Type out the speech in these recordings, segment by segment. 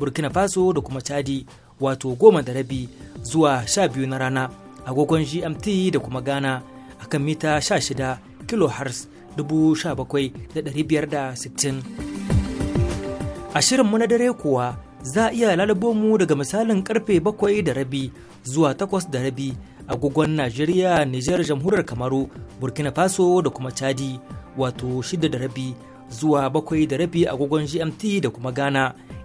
burkina faso da kuma chadi wato goma da rabi zuwa sha biyu na rana agogon gmt da kuma ghana a kan mita biyar da sittin. a shirinmu na dare kuwa za a iya lalabo mu daga misalin karfe bakwai da rabi zuwa takwas da rabi agogon najeriya nijar jamhuriyar kamaru burkina faso da kuma chadi wato shida da rabi zuwa bakwai da rabi agogon gmt da kuma ghana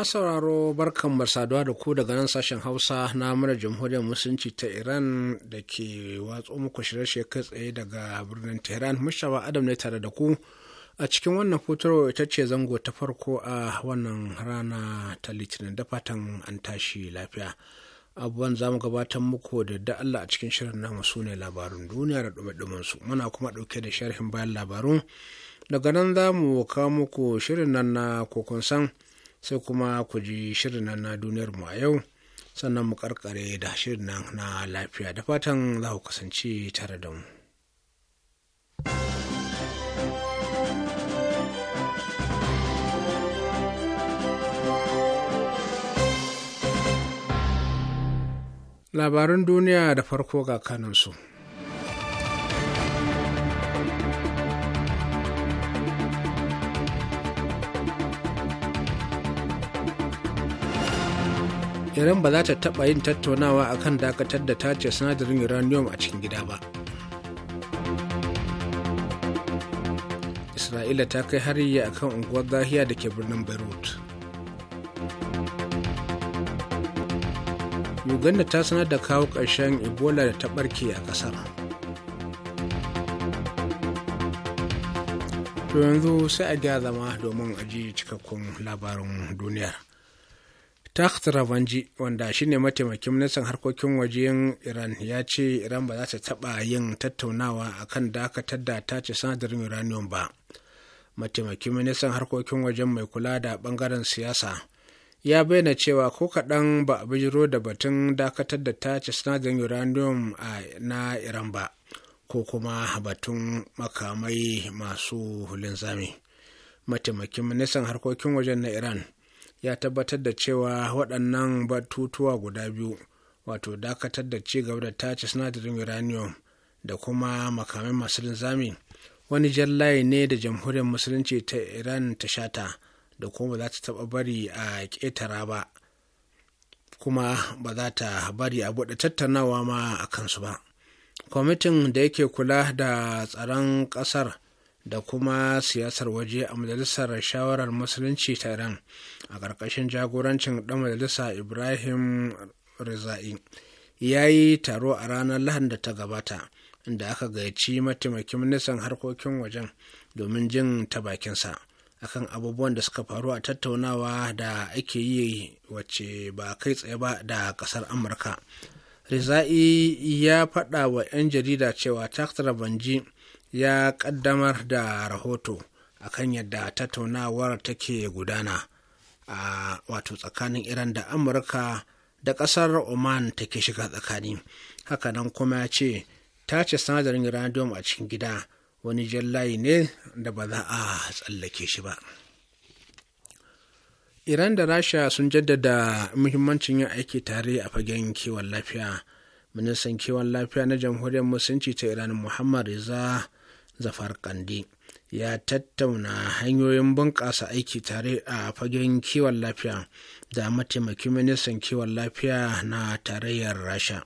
a sauraro barkan saduwa da ku daga nan sashen hausa na mara jamhuriyar musulunci ta iran da ke watso muku shirye kai tsaye daga birnin tehran mashawa adam ne tare da ku a cikin wannan fitarwa ita ce zango ta farko a wannan rana ta litinin da fatan an tashi lafiya abubuwan za mu gabatar muku da da Allah a cikin shirin namu su ne labarun duniya da dumadumin su muna kuma ɗauke da sharhin bayan labarun daga nan za mu kawo muku shirin nan na kokon sai kuma ku ji shirin nan na duniyar mu a yau sannan mu karkare da shirin nan na lafiya da fatan za ku kasance tare da mu. Labaran duniya da farko ga kaninsu. iran ba za ta taɓa yin tattaunawa a kan dakatar da tace sinadarin uranium a cikin gida ba isra'ila ta kai hari a kan unguwar zahiya da ke birnin beirut uganda ta sanar da kawo ƙarshen ebola da ta ɓarke a ƙasar to yanzu sai a gyara zama domin aji cikakkun labarin duniya Takht Ravanji wanda shine mataimakin ministan harkokin wajen Iran ya ce Iran ba za ta taɓa yin tattaunawa a kan dakatar da ta ce sanadarin uranium ba. Mataimakin ministan harkokin wajen mai kula da bangaren siyasa ya bayyana cewa ko kaɗan ba a bijiro da batun dakatar da ta ce sanadarin uranium na Iran ba ko kuma batun makamai masu linzami. Mataimakin ministan harkokin wajen na Iran. ya tabbatar da cewa waɗannan batutuwa guda biyu wato dakatar da ci gaba da tace sinadarin uranium da kuma makamai masu linzami wani jan ne da jamhuriyar musulunci ta iran ta shata da kuma ba za ta taɓa bari a ƙetara ba kuma ba za ta bari a buɗe tattaunawa ma a kansu ba kwamitin da yake kula da tsaron ƙasar da kuma siyasar waje a majalisar shawarar musulunci ta a ƙarƙashin jagorancin ɗan majalisa ibrahim rizai ya yi taro a ranar lahan da ta gabata inda aka gayyaci mataimakin ministan harkokin wajen domin jin ta bakinsa akan abubuwan da suka faru a tattaunawa da ake yi wace ba kai tsaye ba da ƙasar amurka rizai ya faɗa wa 'yan jarida cewa taktara banji ya kaddamar da rahoto a kan yadda tattaunawar take gudana a wato tsakanin iran da amurka da kasar oman take shiga tsakani hakanan kuma ya ce tace sanadarin radio a cikin gida wani jallayi ne da ba za a tsallake shi ba iran da rasha sun jaddada muhimmancin yin aiki tare a fagen kiwon lafiya ministan kiwon lafiya na jamhuriyar musulunci ta iran muhammad rizal zafar Kande, ya tattauna hanyoyin bunƙasa aiki tare a fagen kiwon lafiya da mataimakin ministan kiwon lafiya na tarayyar rasha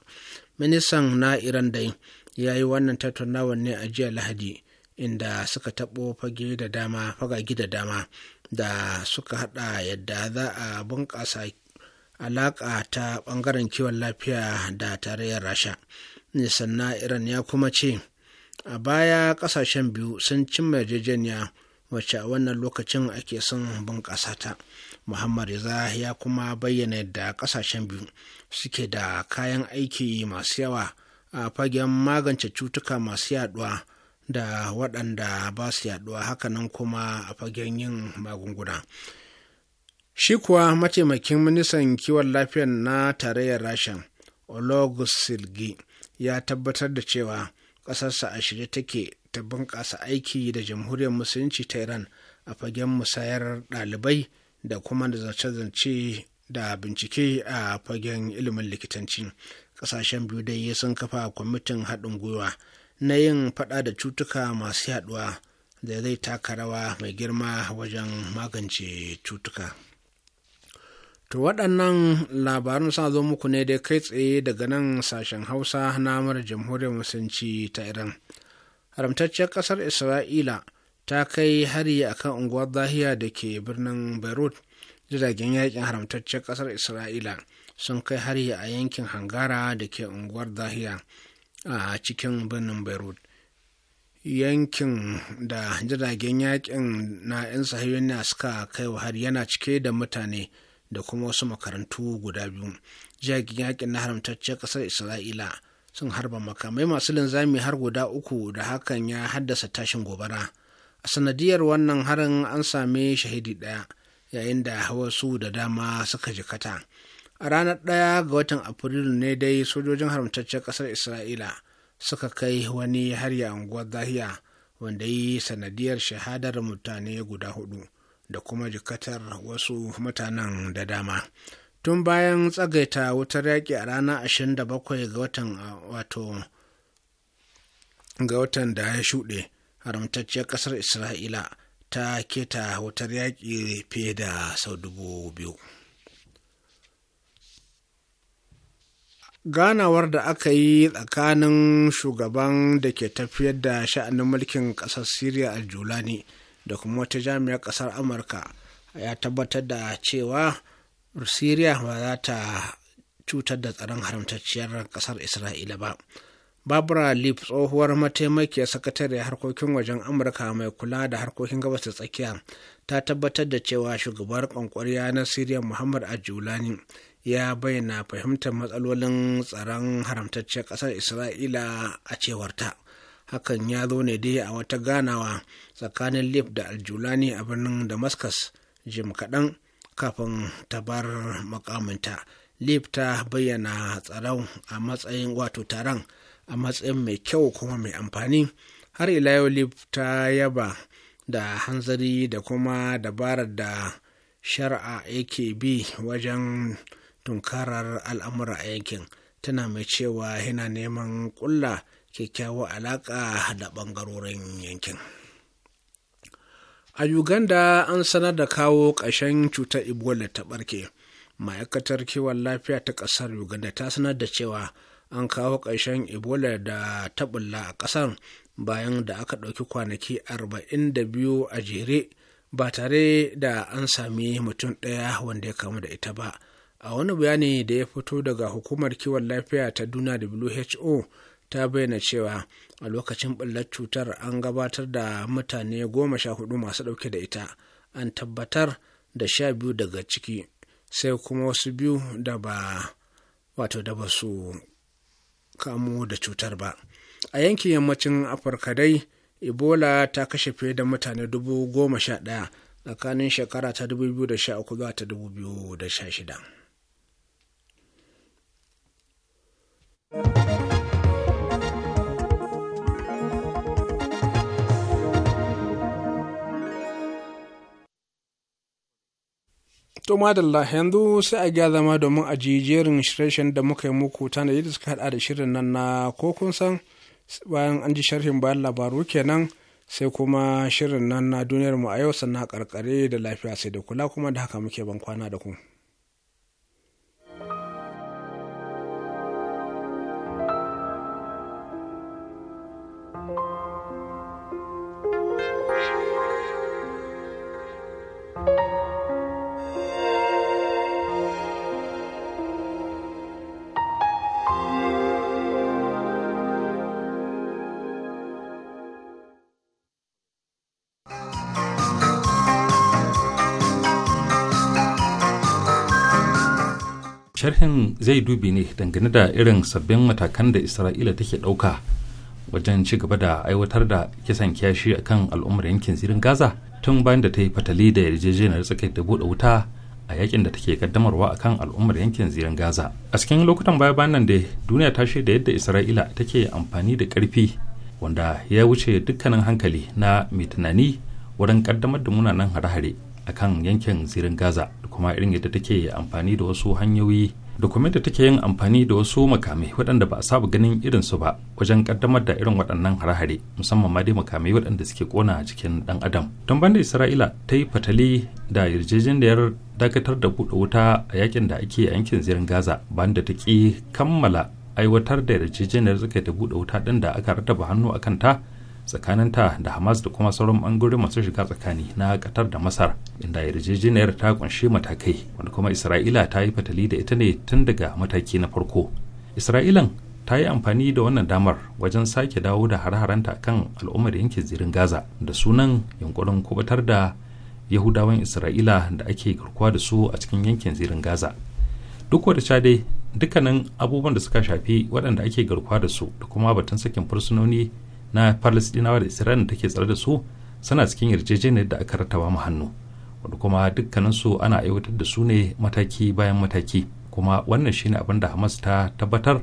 ministan na iran dai ya yi wannan tattaunawar ne a jiya lahadi inda suka taɓo fage da dama fagagi da dama da suka haɗa yadda za a bunƙasa alaƙa ta ɓangaren kiwon lafiya da tarayyar rasha nisan na iran ya kuma ce a baya ƙasashen biyu sun cimma yarjejeniya wacce a wannan lokacin ake son bunƙasa ta muhammad riza ya kuma bayyana yadda ƙasashen biyu suke da kayan aiki masu yawa a fagen magance cutuka masu yaduwa da waɗanda ba su yaduwa hakanan kuma a fagen yin magunguna shi kuwa mataimakin ministan kiwon lafiya na tarayyar rasha olog silgi ya tabbatar da cewa ƙasarsa a shirye take ta bunƙasa aiki da jamhuriyar musulunci ta iran a fagen musayar ɗalibai da kuma da zance-zance da bincike a fagen ilimin likitanci ƙasashen biyu dai sun kafa kwamitin haɗin gwiwa na yin faɗa da cutuka masu yaɗuwa da zai taka rawa mai girma wajen magance cutuka. To waɗannan labaran sa zo muku ne dai kai tsaye daga nan sashen Hausa na mara jamhuriyar musulunci ta Iran. Haramtacciyar ƙasar Isra'ila ta kai hari akan unguwar Zahiya da ke birnin Beirut. Jiragen yakin haramtacciyar ƙasar Isra'ila sun kai hari a yankin Hangara da ke unguwar Zahiya a cikin birnin Beirut. yankin da jiragen yakin na 'yan sahiyoniya suka kai wa har yana cike da mutane da kuma wasu makarantu guda biyu Jihar yakin na haramtacciyar ƙasar isra'ila sun harba makamai masu linzami har guda uku da hakan ya haddasa tashin gobara a sanadiyar wannan harin an sami shahidi ɗaya yayin da wasu da dama suka jikata a ranar ɗaya ga watan afrilu ne dai sojojin haramtacciyar ƙasar isra'ila suka kai wani har ya unguwar zahiya wanda yi sanadiyar shahadar mutane guda hudu da kuma jikatar wasu mutanen da dama tun bayan tsagaita wutar yaƙi a ranar 27 ga watan wato ga watan da ya shuɗe haramtacciyar ƙasar isra'ila ta keta wutar yaƙi fiye da sau dubu biyu ganawar da aka yi tsakanin shugaban da ke tafiyar da sha'anin mulkin ƙasar syria aljulani julani da kuma wata jami'ar ƙasar amurka ya tabbatar da cewa siriya ba za ta cutar da tsaron haramtacciyar ƙasar isra'ila ba barbara Leif, tsohuwar mataimakiyar sakatare harkokin wajen amurka mai kula da harkokin gabas da tsakiya ta tabbatar da cewa shugabar kwankwariya na siriya muhammad ajulani ya bayyana fahimtar matsalolin tsaron haramtacciyar ƙasar isra'ila a cewarta hakan ya zo ne dai a wata ganawa tsakanin lif da aljulani a birnin damascus jim kaɗan kafin ta bar makaminta lif ta bayyana tsaron a matsayin wato taron a matsayin mai kyau kuma mai amfani har ila yau lif ta yaba da hanzari da kuma dabarar da shari'a yake bi wajen tunkarar al'amura a yankin tana mai cewa yana neman kulla kyakkyawar alaƙa da ɓangarorin yankin a uganda an sanar da kawo ƙashen cutar ebola ta ɓarke ma'aikatar kiwon lafiya ta ƙasar uganda ta sanar da cewa an kawo ƙarshen ebola da tabulla a ƙasar bayan da aka ɗauki kwanaki 42 a jere ba tare da an sami mutum ɗaya wanda ya kamu da ita ba a wani bayani da ya fito daga hukumar kiwon lafiya ta duna who ta bayyana cewa a lokacin ɓullar cutar an gabatar da mutane goma sha hudu masu ɗauke da ita an tabbatar da sha biyu daga ciki sai kuma wasu biyu da ba wato da ba su kamu da cutar ba a yankin yammacin afirka dai ebola ta kashe fiye da mutane dubu goma sha ɗaya tsakanin shekara ta dubu biyu da sha uku zuwa ta dubu biyu da sha shida. To madalla yanzu sai a gya zama domin a jerin shirye da muka yi muku tanadi da suka hada da shirin nan na ko kun san bayan an ji sharhin bayan labaru kenan sai kuma shirin nan na duniyar mu a yau sannan karkare da lafiya sai da kula kuma da haka muke ban kwana da ku. sharhin zai dubi ne dangane da irin sabbin matakan da isra'ila take dauka wajen ci gaba da aiwatar da kisan kyashi a kan al'ummar yankin zirin gaza tun bayan da ta yi fatali da yarjejeniyar tsakai da buɗe wuta a yakin da take kaddamarwa a kan al'ummar yankin zirin gaza a cikin lokutan baya bayan nan da duniya ta shaida yadda isra'ila take amfani da ƙarfi wanda ya wuce dukkanin hankali na mai tunani wurin kaddamar da munanan hare-hare a kan yankin zirin gaza kuma irin yadda take amfani da wasu hanyoyi da kuma yadda take yin amfani da wasu makamai waɗanda ba a saba ganin irin su ba wajen kaddamar da irin waɗannan harhare musamman ma dai makamai waɗanda suke kona a cikin ɗan adam don banda isra'ila ta yi fatali da yarjejeniyar dakatar da buɗe wuta a yakin da ake yankin zirin gaza banda ta ƙi kammala aiwatar da yarjejeniyar suka ta buɗe wuta ɗin da aka rataba hannu a kanta tsakanin ta da hamas da kuma sauran bangarori masu shiga tsakani na katar da masar inda yarjejeniyar ta kunshi matakai wanda kuma isra'ila ta yi fatali da ita ne tun daga mataki na farko isra'ilan ta yi amfani da wannan damar wajen sake dawo da har-haranta kan al'ummar yankin zirin gaza da sunan yunkurin kubutar da yahudawan isra'ila da ake garkuwa da su a cikin yankin zirin gaza duk wadda ca dai dukkanin abubuwan da suka shafi waɗanda ake garkuwa da su da kuma batun sakin fursunoni na palestinawa da isra'ila da take tsare da su suna cikin yarjejeniyar da aka rattaba mu hannu wanda kuma dukkaninsu ana aiwatar da su ne mataki bayan mataki kuma wannan shine abin da hamas ta tabbatar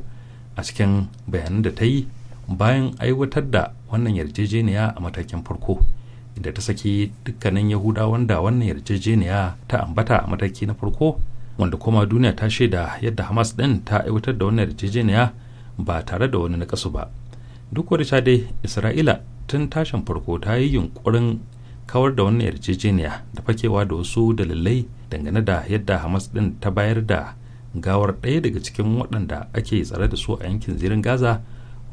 a cikin bayanan da ta yi bayan aiwatar da wannan yarjejeniya a matakin farko inda ta saki dukkanin yahudawan da wannan yarjejeniya ta ambata a mataki na farko wanda kuma duniya ta shaida yadda hamas din ta aiwatar da wannan yarjejeniya ba tare da wani nakasu ba duk wadda sha dai isra'ila tun tashin farko ta yi yunkurin kawar da wannan yarjejeniya da fakewa da wasu dalilai dangane da yadda hamas din ta bayar da gawar ɗaya daga cikin waɗanda ake tsare da su a yankin zirin gaza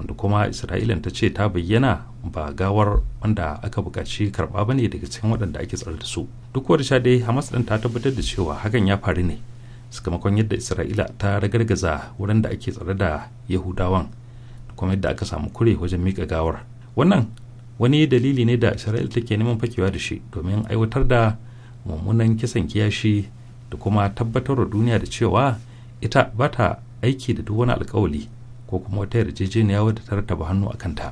wanda kuma isra'ila ta ce ta bayyana ba gawar wanda aka buƙaci karɓa ba ne daga cikin waɗanda ake tsare da su duk wadda sha dai hamas din ta tabbatar da cewa hakan ya faru ne sakamakon yadda isra'ila ta ragargaza wurin da ake tsare da yahudawan kuma yadda aka samu kure wajen mika gawar wannan wani dalili ne da isra'il take neman fakewa da shi domin aiwatar da mummunan kisan kiyashi da kuma tabbatar da duniya da cewa ita ba ta aiki da duk wani alkawali ko kuma wata yarjejeniya wadda ta rataba hannu a kanta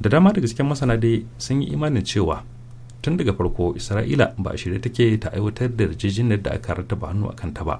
da dama daga cikin masana dai sun yi imanin cewa tun daga farko isra'ila ba a shirye take ta aiwatar da yarjejeniyar da aka rataba hannu a kanta ba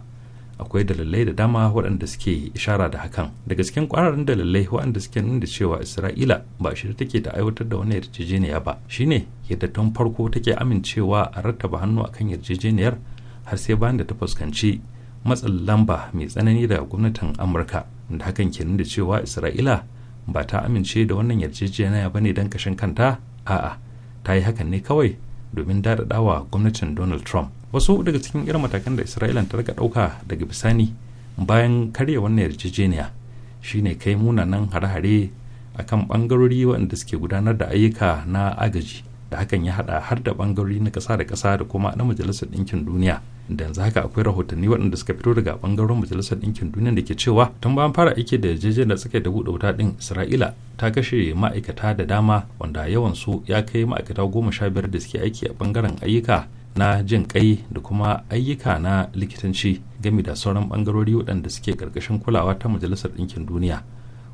akwai dalilai da dama waɗanda suke ishara da hakan daga cikin ƙwararrun dalilai waɗanda suke nuna cewa isra'ila ba shirya take ta aiwatar da wani yarjejeniya ba shine yadda tun farko take amincewa a rattaba hannu akan yarjejeniyar har sai bayan da ta fuskanci matsin lamba mai tsanani daga gwamnatin amurka da hakan ke nuna cewa isra'ila ba ta amince da wannan yarjejeniya ba ne don kashin kanta a'a ta yi hakan ne kawai domin daɗaɗawa gwamnatin donald trump wasu daga cikin irin matakan da isra'ila ta daga dauka daga bisani bayan karya wannan yarjejeniya shine kai munanan hare-hare kan bangarori waɗanda suke gudanar da ayyuka na agaji da hakan ya hada har da bangarori na kasa da kasa da kuma na majalisar ɗinkin duniya da yanzu haka akwai rahotanni waɗanda suka fito daga bangarorin majalisar ɗinkin duniya da ke cewa tun bayan fara aiki da yarjejeniya da suka da buɗe wuta ɗin isra'ila ta kashe ma'aikata da dama wanda yawan su ya kai ma'aikata goma sha biyar da suke aiki a bangaren ayyuka na jin kai da kuma ayyuka na likitanci gami da sauran bangarori waɗanda suke ƙarƙashin kulawa ta majalisar ɗinkin duniya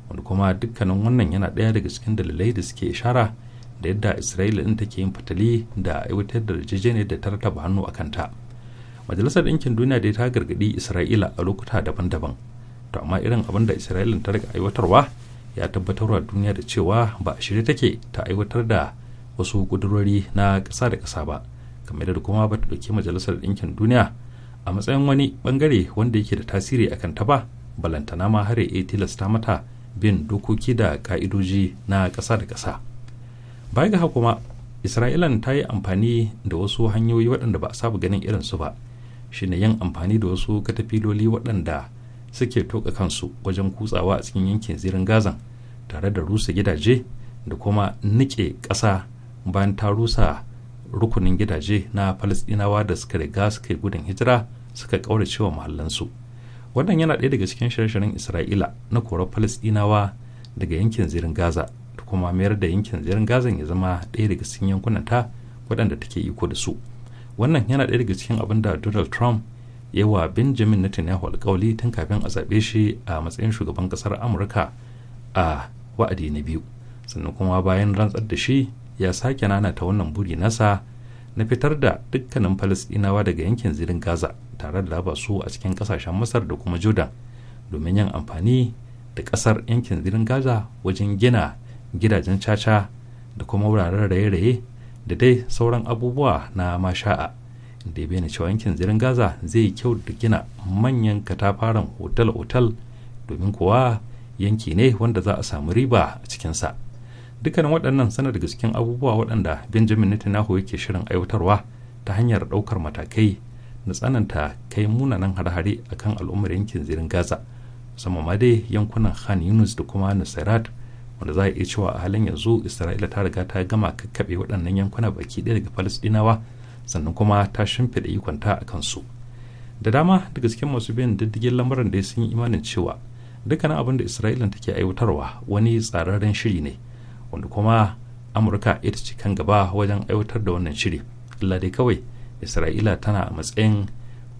wanda kuma dukkanin wannan yana ɗaya daga cikin dalilai da suke ishara da yadda isra'ila ɗin take yin fitali da aiwatar da yarjejeniyar da ta taba hannu a kanta majalisar ɗinkin duniya dai ta gargaɗi isra'ila a lokuta daban-daban to amma irin abin da isra'ila ta riga aiwatarwa ya tabbatarwa duniya da cewa ba a shirye take ta aiwatar da wasu ƙudurori na ƙasa da ƙasa ba kamar da kuma ba ta ɗauki majalisar ɗinkin duniya a matsayin wani bangare wanda yake da tasiri a ta ba balantana ma har ya tilasta mata bin dokoki da ka'idoji na ƙasa da ƙasa baya ga kuma isra'ilan ta yi amfani da wasu hanyoyi waɗanda ba a saba ganin irin su ba shine yin amfani da wasu katafiloli waɗanda suke toka kansu wajen kutsawa a cikin yankin zirin gazan tare da rusa gidaje da kuma nike ƙasa bayan ta rusa rukunin gidaje na falasɗinawa da suka riga suka yi gudun hijira suka ƙaurace wa mahallansu wannan yana ɗaya daga cikin shirin isra'ila na korar falasɗinawa daga yankin zirin gaza da kuma mayar da yankin zirin gaza ya zama ɗaya daga cikin yankunan ta waɗanda take iko da su wannan yana ɗaya daga cikin abin da donald trump ya wa benjamin netanyahu alƙawali tun kafin a zaɓe shi a matsayin shugaban ƙasar amurka a wa'adi na biyu sannan kuma bayan rantsar da shi ya sake ta wannan buri nasa na fitar da dukkanin falasɗinawa daga yankin zirin gaza tare da laba su a cikin kasashen masar da kuma jordan domin yin amfani da ƙasar yankin zirin gaza wajen gina gidajen caca da kuma wuraren raye-raye da dai sauran abubuwa na masha'a da ya cewa yankin zirin gaza zai kyau da gina manyan katafaren otal-otal domin kuwa yanki ne wanda za a samu riba a cikinsa. dukkanin waɗannan sana daga cikin abubuwa waɗanda benjamin netanyahu yake shirin aiwatarwa ta hanyar ɗaukar matakai na tsananta kai munanan hare-hare a kan al'ummar yankin zirin gaza musamman ma dai yankunan khan yunus da kuma nasirat wanda za a iya cewa a halin yanzu isra'ila ta riga ta gama kakkaɓe waɗannan yankuna baki ɗaya daga falastinawa sannan kuma ta shimfiɗa ikonta a kansu da dama daga cikin masu bin diddigin lamarin da sun yi imanin cewa dukkanin abin da isra'ila take aiwatarwa wani tsararren shiri ne wanda kuma amurka ita ce kan gaba wajen aiwatar da wannan shiri illa kawai isra'ila tana a matsayin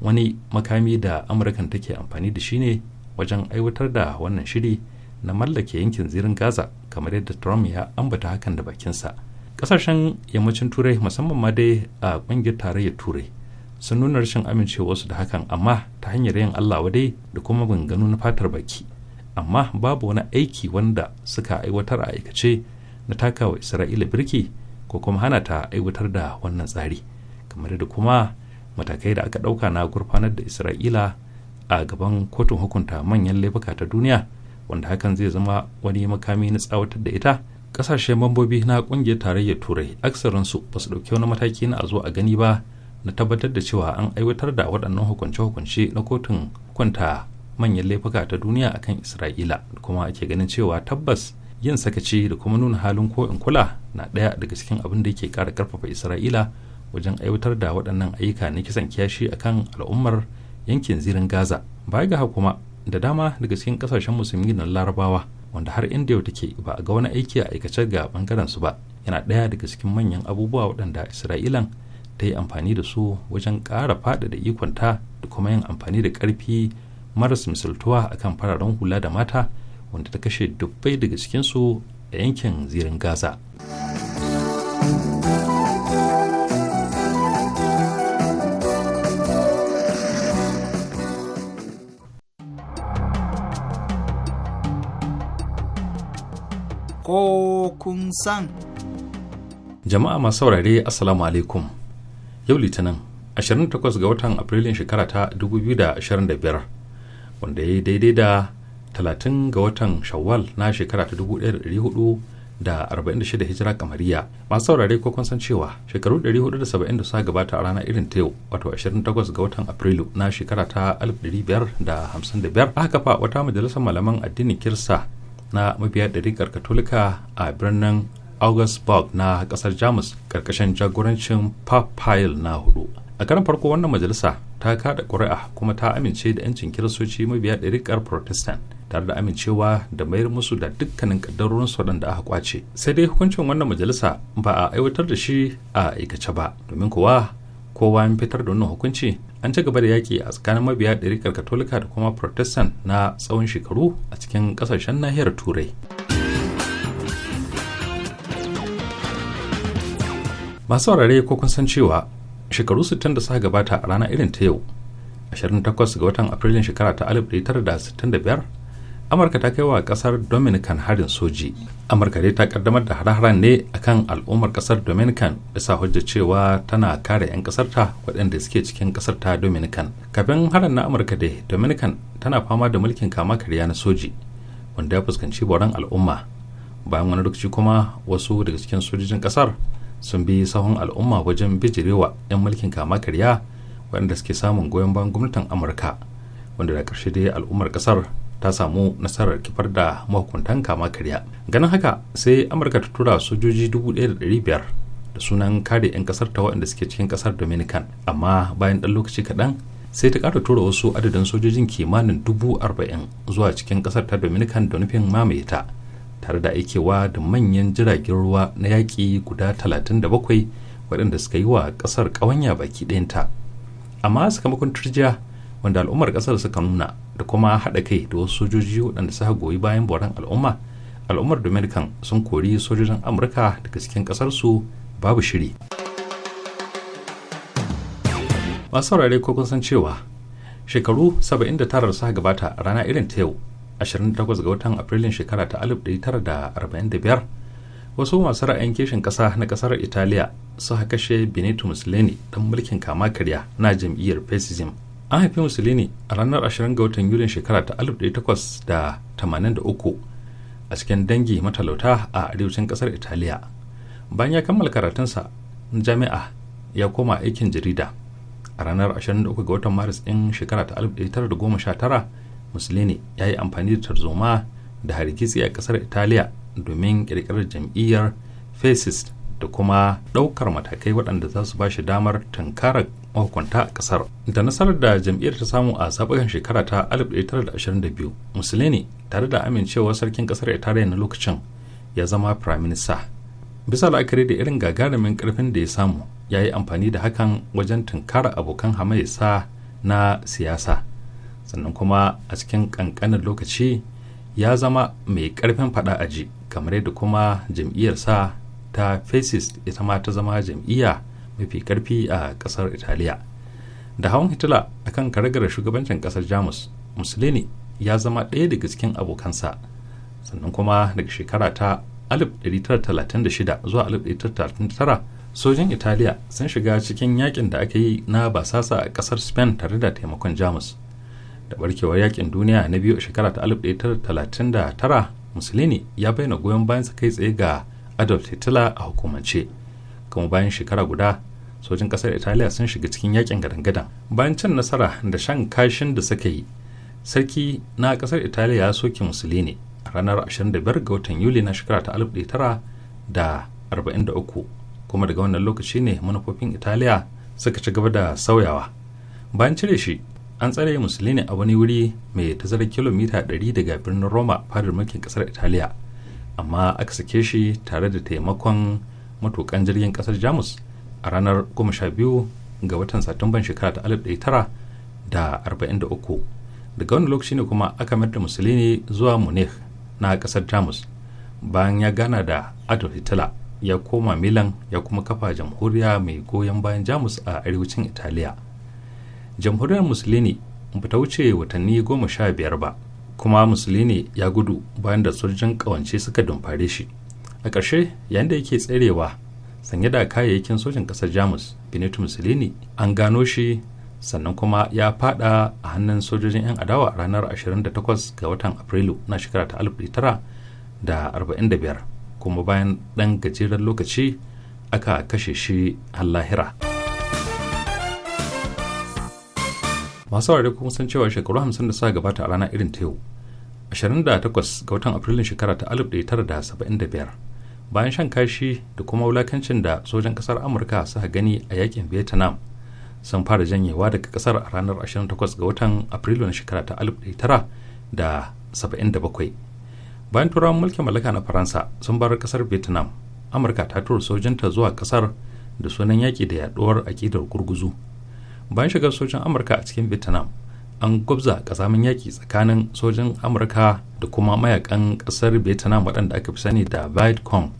wani makami da amurkan take amfani da shi ne wajen aiwatar da wannan shiri na mallake yankin zirin gaza kamar yadda trump ya ambata hakan da bakinsa kasashen yammacin turai musamman ma dai a kungiyar tarayyar turai sun nuna rashin amincewarsu da hakan amma ta hanyar yin allah wadai da kuma banganu na fatar baki amma babu wani aiki wanda suka aiwatar a aikace na taka wa isra'ila birki ko kuma hana ta aiwatar da wannan tsari kamar da kuma matakai da aka ɗauka na gurfanar da isra'ila a gaban kotun hukunta manyan laifuka ta duniya wanda hakan zai zama wani makami na tsawatar da ita ƙasashen mambobi na ƙungiyar tarayyar turai aksarinsu ba su ɗauki wani mataki na a a gani ba na tabbatar da cewa an aiwatar da waɗannan hukunce-hukunce na kotun hukunta manyan laifuka ta duniya akan isra'ila kuma ake ganin cewa tabbas yin sakaci da kuma nuna halin ko in kula na ɗaya daga cikin abin da yake ƙara ƙarfafa isra'ila wajen aiwatar da waɗannan ayyuka na kisan kiyashi kan al'ummar yankin zirin gaza baya ga kuma da dama daga cikin ƙasashen musulmi na larabawa wanda har inda yau take ba a ga wani aiki a aikace ga bangaren su ba yana ɗaya daga cikin manyan abubuwa waɗanda isra'ilan ta yi amfani da su wajen ƙara faɗaɗa ikonta da kuma yin amfani da ƙarfi maras misaltuwa akan fararen hula da mata wanda ta kashe dubbai daga cikinsu a yankin zirin gaza ko kun san jama'a masu saurare assalamu alaikum yau litinin 28 ga watan afrilun shekara ta 2025 wanda ya yi daidai da 30 ga watan shawwal na shekara ta 1446 hijira kamariya masu saurare ko kun san cewa shekaru 470 da suka gabata a rana irin ta yau wato 28 ga watan afrilu na shekara ta 1555 aka kafa wata majalisar malaman addinin kirsa na mabiya ɗariƙar katolika a birnin augsburg na ƙasar jamus ƙarƙashin jagorancin fayil na hudu a karan farko wannan majalisa ta kada ƙuri'a kuma ta amince da 'yancin kiristoci mabiya ɗariƙar protestant tare da amincewa da mayar musu da dukkanin sauran da aka kwace sai dai hukuncin wannan majalisa ba a aiwatar da shi a aikace ba domin kuwa kowa an fitar da wannan hukunci an ci gaba da yaƙi a tsakanin mabiya ɗarikar katolika da kuma protestant na tsawon shekaru a cikin ƙasashen nahiyar turai masu saurare ko kun san cewa shekaru 60 da suka gabata a rana irin ta yau 28 ga watan afrilun shekara ta 1965 amurka ta kai wa kasar dominican harin soji amurka dai ta kaddamar da hare-haren ne akan al'ummar kasar dominican bisa hujja cewa tana kare 'yan kasar waɗanda suke cikin kasar ta dominican kafin harin na amurka dai dominican tana fama da mulkin kama karya na soji wanda ya fuskanci boran al'umma bayan wani rikici kuma wasu daga cikin sojojin kasar sun bi sahun al'umma wajen bijirewa 'yan mulkin kama karya waɗanda suke samun goyon bayan gwamnatin amurka wanda da ƙarshe dai al'ummar kasar ta samu nasarar kifar da mahukuntan kama karya ganin haka sai amurka ta tura sojoji 1,500 da sunan kare 'yan kasar ta waɗanda suke cikin kasar dominican amma bayan ɗan lokaci kaɗan sai ta ƙara tura wasu adadin sojojin kimanin 40,000 zuwa cikin kasar ta dominican da nufin mamaye ta tare da aikewa da manyan jiragen ruwa na yaƙi guda 37 waɗanda suka yi wa ƙasar ƙawanya baki ɗayanta amma sakamakon turjiya wanda al'ummar ƙasar suka nuna da kuma haɗa kai da wasu sojoji waɗanda suka goyi bayan boran al'umma al'ummar dominican sun kori sojojin amurka daga cikin ƙasarsu babu shiri masu saurare ko kun san cewa shekaru 79 suka gabata a rana irin ta yau 28 ga watan afrilun shekara ta 1945 wasu masu ra'ayin kishin ƙasa na ƙasar italiya suka kashe benito mussolini ɗan mulkin kama karya na jam'iyyar fascism an haifi musulini a ranar 20 ga watan yulin shekara ta 1883 a cikin dangi matalauta a arewacin kasar italiya bayan ya kammala karatunsa na jami'a ya koma aikin jarida a ranar 23 ga watan maris ɗin shekara ta 1919 musulini ya yi amfani da tarzoma da hargitsi a kasar italiya domin kirkirar jam'iyyar fascist da kuma ɗaukar matakai waɗanda za su ba shi damar tunkarar mahukunta a kasar da nasarar da jam'iyyar ta samu a sabon shekara ta 1922 musulini tare da amincewa sarkin kasar italiya na lokacin ya zama prime minister bisa la'akari da irin gagarumin karfin da ya samu ya yi amfani da hakan wajen tunkara abokan hamaisa na siyasa sannan kuma a cikin kankanin lokaci ya zama mai karfin fada aji kamar yadda kuma jam'iyyarsa ta fascist ita ma ta zama jam'iyya mafi karfi a kasar italiya da hawan hitler akan karagar shugabancin kasar jamus musulini ya zama ɗaya daga cikin abokansa sannan kuma daga shekara ta 1936 zuwa 1939 sojin italiya sun shiga cikin yakin da aka yi na basasa a kasar spain tare da taimakon jamus da barkewar yakin duniya na biyu a shekara ta 1939 musulini ya bayyana goyon bayan bayansa kai tsaye ga adolf hitler a hukumance kuma bayan shekara guda sojin kasar italiya sun shiga cikin yakin gadan bayan cin nasara da shan kashin da suka yi sarki na kasar italiya ya soke musulini a ranar 25 ga watan yuli na shekara ta 1943 kuma daga wannan lokaci ne manufofin italiya suka ci gaba da sauyawa bayan cire shi an tsare musulini a wani wuri mai tazarar kilomita 100 daga birnin roma fadar mulkin kasar italiya amma aka sake shi tare da taimakon matukan jirgin kasar jamus a ranar 12 ga watan satumban shekara ta 1943 daga wani lokaci ne kuma aka mayar da musulini zuwa munich na kasar jamus bayan ya gana da adolf hitler ya koma milan ya kuma kafa jamhuriya mai goyon bayan jamus a arewacin italiya jamhuriyar musulini ba ta wuce watanni goma sha biyar ba kuma musulini ya gudu bayan da sojojin kawance suka dumfare shi a ƙarshe yayin da yake tserewa sanye da kayayyakin sojin ƙasar jamus benito mussolini an gano shi sannan kuma ya fada a hannun sojojin 'yan adawa a ranar 28 ga watan afrilu na shekara ta 1945 kuma bayan ɗan gajeren lokaci aka kashe shi har lahira. masu saurari kuma san cewa shekaru 50 da suka gabata a rana irin ta yau 28 ga watan afrilun shekara ta 1975 bayan shan kashi da kuma wulakancin da sojan kasar amurka suka gani a yakin vietnam sun fara janyewa daga kasar a ranar 28 ga watan afrilu na shekara ta 1977 bayan turawan mulkin mallaka na faransa sun bar kasar vietnam amurka ta tura sojanta zuwa kasar da sunan yaƙi da yaduwar akidar gurguzu bayan shigar sojan amurka a cikin vietnam an gwabza kasamin yaƙi tsakanin sojan amurka da kuma mayakan ƙasar vietnam waɗanda aka fi sani da vietcong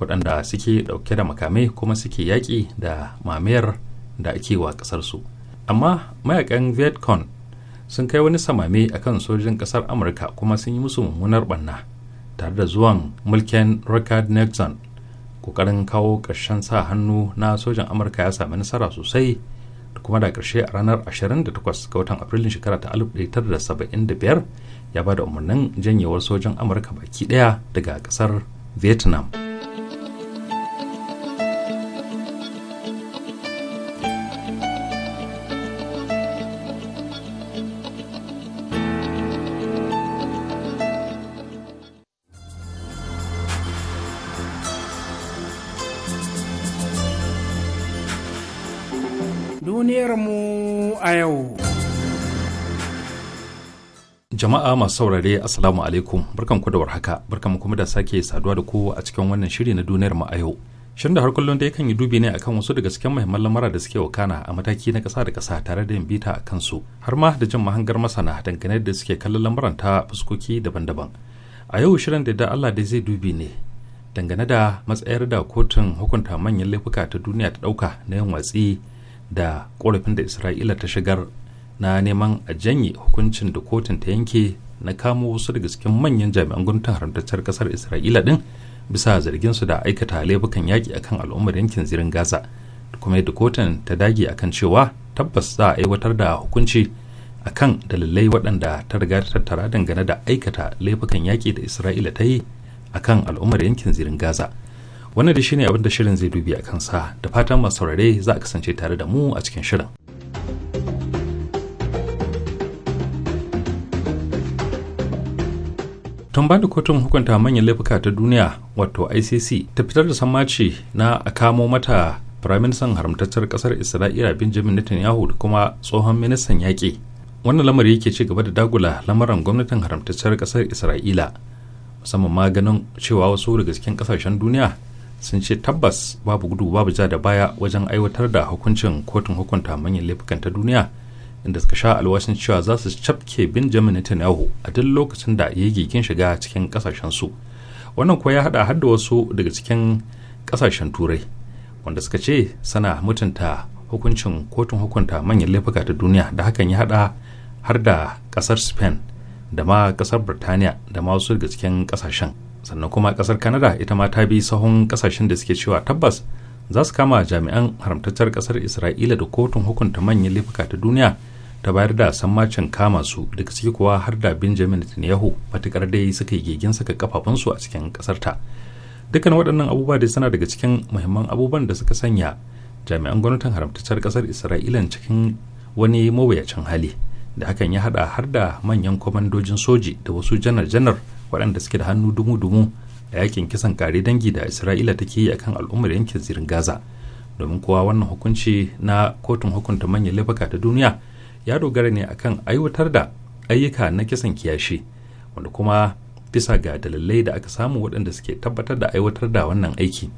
waɗanda suke ɗauke da makamai kuma suke yaƙi da mamayar da ake wa ƙasarsu amma mayakan vietcon sun kai wani samame akan sojin ƙasar amurka kuma sun yi musu mummunar ɓanna tare da zuwan mulkin richard nixon ƙoƙarin kawo ƙarshen sa hannu na sojan amurka ya sami nasara sosai da kuma da ƙarshe a ranar 28 ga watan afrilun shekara ta 1975 ya ba da umarnin janyewar sojin amurka baki ɗaya daga ƙasar vietnam a yau. Jama'a masu saurare Assalamu alaikum barkan ku da warhaka barkan kuma da sake saduwa da ku a cikin wannan shiri na duniyar mu a yau. Shirin da har kullum da yakan yi dubi ne akan wasu daga cikin muhimman lamura da suke wakana a mataki na kasa da kasa tare da yin bita a kansu har ma da jin mahangar masana dangane da suke kallon lamuran ta fuskoki daban-daban. A yau shirin da da Allah da zai dubi ne dangane da matsayar da kotun hukunta manyan laifuka ta duniya ta ɗauka na yin watsi da korafin da isra'ila ta shigar na neman a janye hukuncin da kotun ta yanke na kamo wasu daga cikin manyan jami'an gwamnatin haramtaccen kasar isra'ila din bisa zargin su da aikata laifukan yaƙi akan al'ummar yankin zirin gaza da kuma yadda kotun ta dage akan cewa tabbas za a aiwatar da hukunci akan dalilai waɗanda ta riga ta tattara dangane da aikata laifukan yaƙi da isra'ila ta yi akan al'ummar yankin zirin gaza wannan da shine abin da shirin zai dubi a kansa da fatan masu saurare za a kasance tare da mu a cikin shirin tun ba da kotun hukunta manyan laifuka ta duniya wato icc ta fitar da sammaci na a kamo mata firaministan haramtaccen kasar isra'ila benjamin netanyahu da kuma tsohon ministan yaƙi wannan lamari yake ci gaba da dagula lamaran gwamnatin haramtaccen kasar isra'ila musamman maganin cewa wasu daga cikin kasashen duniya sun ce tabbas babu gudu babu ja da baya wajen aiwatar da hukuncin kotun hukunta manyan laifukan ta duniya inda suka sha alwashin cewa za su cafke benjamin netanyahu a duk lokacin da ya kin shiga cikin kasashen su wannan kuwa ya hada hadda wasu daga cikin kasashen turai wanda suka ce sana mutunta hukuncin kotun hukunta manyan laifuka ta duniya da hakan ya hada har da kasar spain da ma kasar birtaniya da ma wasu daga cikin kasashen sannan kuma kasar canada ita ma ta bi sahun kasashen da suke cewa tabbas za su kama jami'an haramtaccen kasar isra'ila da kotun hukunta manyan laifuka ta duniya ta bayar da sammacin kama su daga ciki kuwa har da benjamin netanyahu matukar dai suka yi gegen saka kafafunsu a cikin kasar ta dukkan waɗannan abubuwa dai suna daga cikin muhimman abubuwan da suka sanya jami'an gwamnatin haramtaccen kasar isra'ila cikin wani mawuyacin hali da hakan ya hada har da manyan kwamandojin soji da wasu janar-janar waɗanda suke da hannu dumu-dumu a yakin kisan kare dangi da isra'ila take yi akan al'ummar yankin zirin gaza domin kowa wannan hukunci na kotun hukunta manyan laifuka ta duniya ya dogara ne akan aiwatar da ayyuka na kisan kiyashi wanda kuma bisa ga dalilai da aka samu waɗanda suke tabbatar da aiwatar da wannan aiki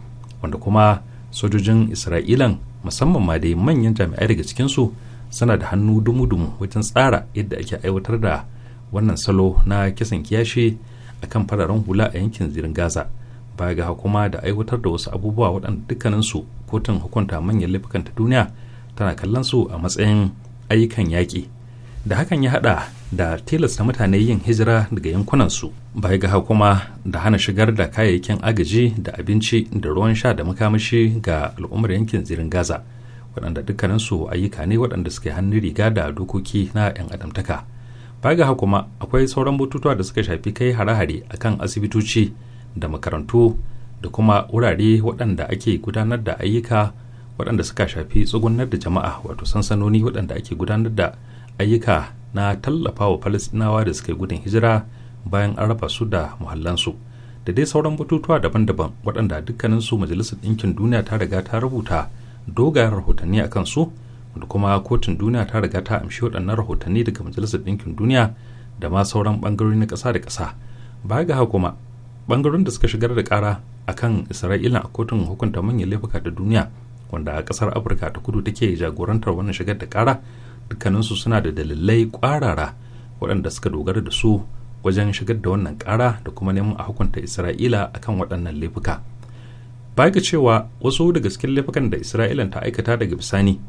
wanda kuma sojojin isra'ilan musamman ma dai manyan jami'ai daga cikinsu suna da hannu dumu-dumu wajen tsara yadda ake aiwatar da wannan salo na kisan kiyashi akan fararen hula a yankin zirin gaza baya ga kuma da aiwatar da wasu abubuwa waɗanda dukkaninsu kotun hukunta manyan laifukan ta duniya tana kallon su a matsayin ayyukan yaƙi da hakan ya haɗa da tilasta mutane yin hijira daga yankunansu baya ga kuma da hana shigar da kayayyakin agaji da abinci da ruwan sha da makamashi ga al'ummar yankin zirin gaza waɗanda dukkaninsu ayyuka ne waɗanda suke hannun riga da dokoki na 'yan adamtaka baga ga kuma akwai sauran batutuwa da suka shafi kai hare-hare kan asibitoci da makarantu da kuma wurare waɗanda ake gudanar da ayyuka waɗanda suka shafi tsugunar da jama'a wato sansanoni waɗanda ake gudanar da ayyuka na tallafa wa falasɗinawa da suka yi gudun hijira bayan an raba su da muhallansu da dai sauran batutuwa daban-daban waɗanda dukkaninsu majalisar ɗinkin duniya ta riga ta rubuta dogayen rahotanni a kansu wanda kuma kotun duniya ta riga ta amshi waɗannan rahotanni daga majalisar ɗinkin duniya da ma sauran ɓangarori na ƙasa da ƙasa baya ga kuma ɓangarorin da suka shigar da ƙara kan isra'ila a kotun hukunta manyan laifuka da duniya wanda a ƙasar afirka ta kudu take jagorantar wannan shigar da ƙara dukkaninsu suna da dalilai ƙwarara waɗanda suka dogara da su wajen shigar da wannan ƙara da kuma neman a hukunta isra'ila a kan waɗannan laifuka baya ga cewa wasu daga cikin laifukan da isra'ilan ta aikata daga bisani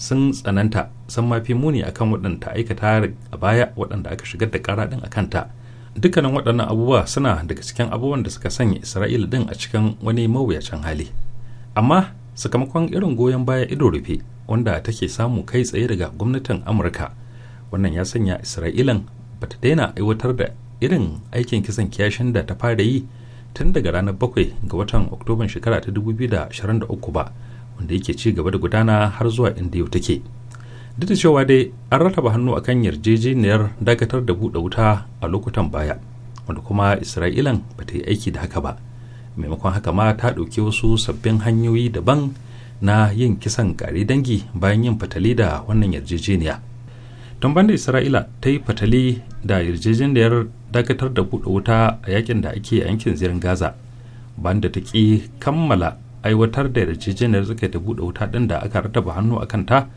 sun tsananta sun mafi muni akan waɗanda aikata a baya waɗanda aka shigar da ƙara ɗin a kanta dukkanin waɗannan abubuwa suna daga cikin abubuwan da suka sanya isra'ila ɗin a cikin wani mawuyacin hali amma sakamakon irin goyon baya ido rufe wanda take samu kai tsaye daga gwamnatin amurka wannan ya sanya isra'ilan ba ta daina aiwatar da irin aikin kisan kiyashin da ta fara yi tun daga ranar 7 ga watan oktoban shekara ta 2023 ba wanda yake ci gaba da gudana har zuwa inda yau take duk da cewa dai an rataba hannu akan yarjejeniyar dakatar da buɗe wuta a lokutan baya wanda kuma isra'ilan ba ta yi aiki da haka ba maimakon haka ma ta ɗauki wasu sabbin hanyoyi daban na yin kisan kare dangi bayan yin fatali da wannan yarjejeniya don da isra'ila ta yi fatali da yarjejeniyar dakatar da buɗe wuta a yakin da ake yankin zirin gaza banda ta ƙi kammala aiwatar da yarjejeniyar ta buɗe wuta ɗin da aka rataba hannu a kanta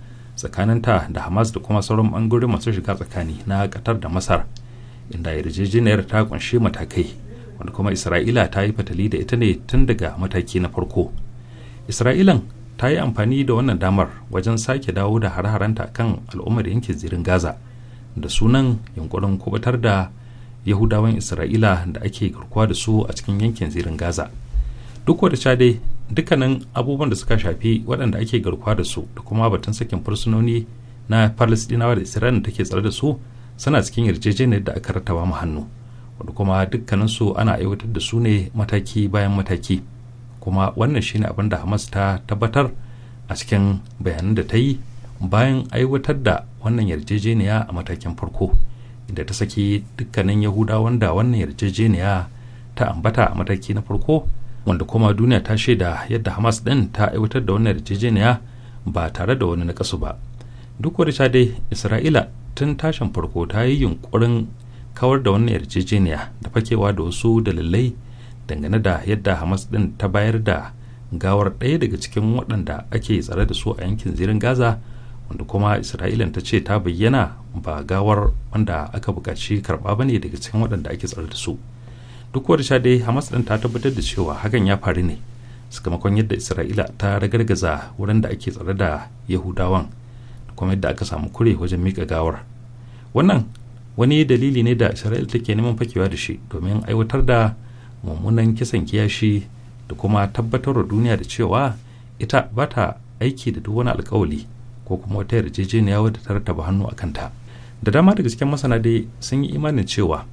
ta da hamas da kuma sauran ɓangare masu shiga tsakani na ƙatar da masar inda yarjejeniyar ta ƙunshi matakai wanda kuma isra'ila ta yi fatali da ita ne tun daga mataki na farko isra'ilan ta yi amfani da wannan damar wajen sake dawo da hare-harenta kan al'ummar yankin zirin gaza da sunan yankunan kubatar da yahudawan isra'ila da ake garkuwa da su a cikin yankin zirin gaza duk wata dai dukkanin abubuwan da suka shafi waɗanda ake garkuwa da su da kuma batun sakin fursunoni na palestinawa da isra'ila take tsare da su suna cikin yarjejeniyar da aka rattaba mu hannu wanda kuma dukkanin su ana aiwatar da su ne mataki bayan mataki kuma wannan shine abin da hamas ta tabbatar a cikin bayanan da ta yi bayan aiwatar da wannan yarjejeniya a matakin farko inda ta saki dukkanin yahudawan da wannan yarjejeniya ta ambata a mataki na farko wanda kuma duniya ta shaida yadda hamas din ta aiwatar da wannan yarjejeniya ba tare da wani nakasu ba duk wani sha dai isra'ila tun tashin farko ta yi yunkurin kawar da wannan yarjejeniya da fakewa da wasu dalilai dangane da yadda hamas din ta bayar da gawar ɗaya daga cikin waɗanda ake tsare da su a yankin zirin gaza wanda kuma isra'ila ta ce ta bayyana ba gawar wanda aka buƙaci karɓa ba ne daga cikin waɗanda ake tsare da su duk wadda sha dai hamas din ta tabbatar da cewa hakan ya faru ne sakamakon yadda isra'ila ta ragargaza wurin da ake tsare da yahudawan kuma yadda aka samu kure wajen mika gawar wannan wani dalili ne da isra'ila take neman fakewa da shi domin aiwatar da mummunan kisan kiyashi da kuma tabbatar da duniya da cewa ita ba ta aiki da duk wani alkawali ko kuma wata yarjejeniya wadda ta rattaba hannu a kanta da dama daga cikin masana dai sun yi imanin cewa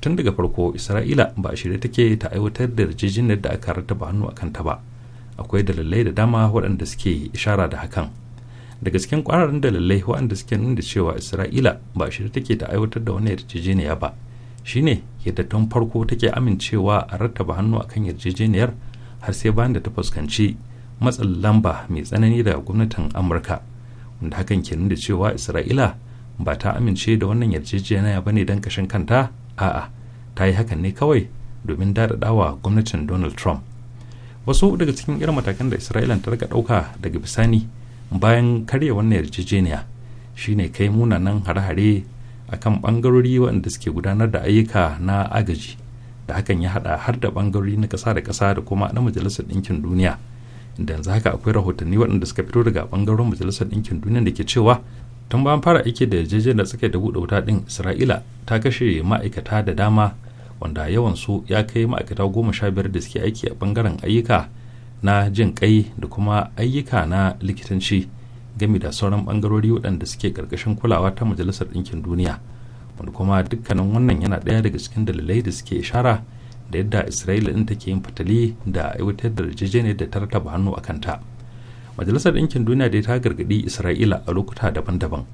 tun daga farko isra'ila ba a shirye take ta aiwatar da yarjejeniyar da aka rataba hannu a kanta ba akwai dalilai da dama waɗanda suke ishara da hakan daga cikin ƙwararrun dalilai waɗanda suke nuna da cewa isra'ila ba a shirye take ta aiwatar da wani yarjejeniya ba shine yadda tun farko take amincewa a rattaba hannu akan yarjejeniyar har sai bayan da ta fuskanci matsin lamba mai tsanani daga gwamnatin amurka wanda hakan ke nuna da cewa isra'ila ba ta amince da wannan yarjejeniya ba ne don kashin kanta a'a ta yi hakan ne kawai domin daɗaɗawa gwamnatin donald trump wasu daga cikin irin matakan da isra'ila ta rika ɗauka daga bisani bayan karya wannan yarjejeniya shine kai munanan hare-hare akan ɓangarori waɗanda suke gudanar da ayyuka na agaji da hakan ya haɗa har da ɓangarori na ƙasa da ƙasa da kuma na majalisar ɗinkin duniya da yanzu haka akwai rahotanni waɗanda suka fito daga ɓangaren majalisar ɗinkin duniya da ke cewa tun bayan fara aiki da yarjejeniyar tsakiyar da buɗe wuta ɗin isra'ila ta kashe ma'aikata da dama wanda yawan su ya kai ma'aikata goma sha biyar da suke aiki a bangaren ayyuka na jin kai da kuma ayyuka na likitanci gami da sauran bangarori waɗanda suke ƙarƙashin kulawa ta majalisar ɗinkin duniya wanda kuma dukkanin wannan yana ɗaya daga cikin dalilai da suke ishara da yadda isra'ila ɗin take yin fitali da aiwatar da yarjejeniyar da ta rataba hannu a kanta majalisar ɗinkin duniya dai ta gargaɗi isra'ila a lokuta daban-daban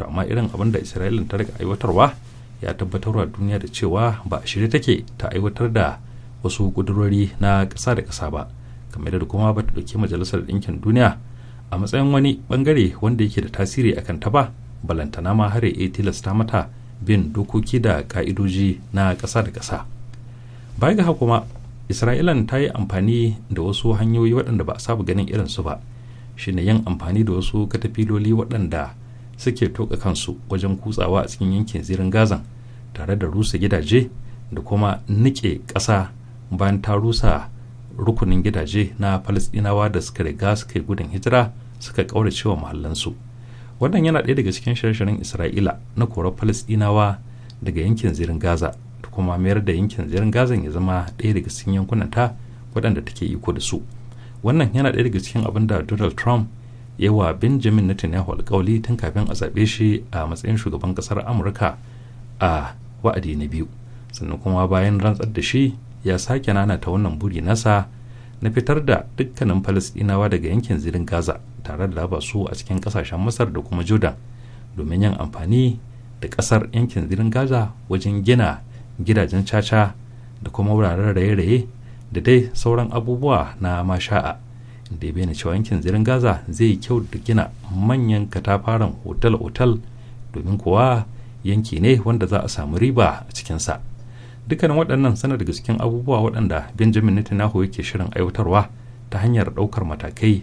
to amma irin abin da isra'ila ta riga aiwatarwa ya tabbatarwa duniya da cewa ba a shirye take ta aiwatar da wasu ƙudurori na ƙasa da ƙasa ba kamar da kuma ba ta ɗauki majalisar ɗinkin duniya a matsayin wani ɓangare wanda yake da tasiri akan ta ba balantana ma har ya tilasta mata bin dokoki da ka'idoji na ƙasa da ƙasa baya ga kuma isra'ila ta yi amfani da wasu hanyoyi waɗanda ba a saba ganin irinsu ba shine yin amfani da wasu katafiloli waɗanda suke toka kansu wajen kutsawa a cikin yankin zirin gazan tare da rusa gidaje da kuma nike ƙasa bayan ta rusa rukunin gidaje na falasɗinawa da suka riga suka yi gudun hijira suka ƙauracewa cewa mahallansu wannan yana ɗaya daga cikin shirye-shiryen isra'ila na korar falasɗinawa daga yankin zirin gaza da kuma mayar da yankin zirin gazan ya zama ɗaya daga cikin yankunan ta waɗanda take iko da su wannan yana ɗaya daga cikin abin da donald trump ya wa benjamin netanyahu alkawali tun kafin a zaɓe shi a matsayin shugaban ƙasar amurka a wa'adi na biyu sannan kuma bayan rantsar da shi ya sake nana ta wannan buri nasa na fitar da dukkanin falasɗinawa daga yankin zirin gaza tare da laba su a cikin ƙasashen masar da kuma jordan domin yin amfani da ƙasar yankin zirin gaza wajen gina gidajen caca da kuma wuraren raye-raye da dai sauran abubuwa na masha'a da bai na cewa yankin zirin gaza zai kyau da gina manyan katafaren otal-otal domin kuwa yanki ne wanda za a samu riba a cikinsa dukkanin waɗannan sana daga cikin abubuwa waɗanda benjamin netanyahu yake shirin aiwatarwa ta hanyar ɗaukar matakai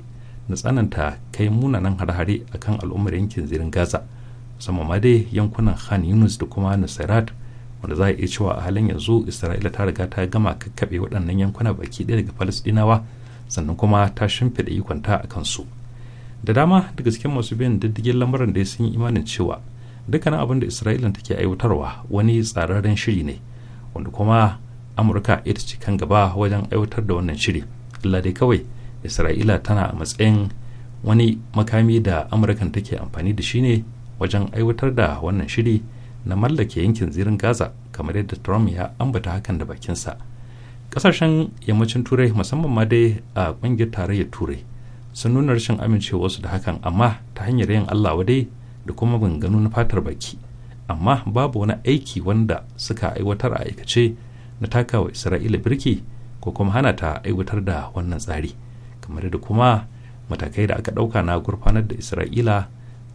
na tsananta kai munanan hare-hare kan al'ummar yankin zirin gaza musamman ma dai yankunan khan yunus da kuma nasirat wanda za a iya cewa a halin yanzu isra'ila ta riga ta gama kakkaɓe waɗannan yankuna baki ɗaya daga falastinawa sannan kuma ta shimfiɗa ikonta a kansu da dama daga cikin masu biyan diddigin lamuran da sun yi imanin cewa dukkanin abin da isra'ila take aiwatarwa wani tsararren shiri ne wanda kuma amurka ita ce kan gaba wajen aiwatar da wannan shiri illa dai kawai isra'ila tana a matsayin wani makami da amurkan take amfani da shi ne wajen aiwatar da wannan shiri na mallake yankin zirin gaza kamar yadda trump ya ambata hakan da bakinsa kasashen yammacin turai musamman ma dai a kungiyar tarayyar turai sun nuna rashin amincewa su da hakan amma ta hanyar yin allah wadai da kuma banganu na fatar baki amma babu wani aiki wanda suka aiwatar a aikace na takawa isra'ila birki ko kuma hana ta aiwatar da wannan tsari kamar da kuma matakai da aka ɗauka na gurfanar da isra'ila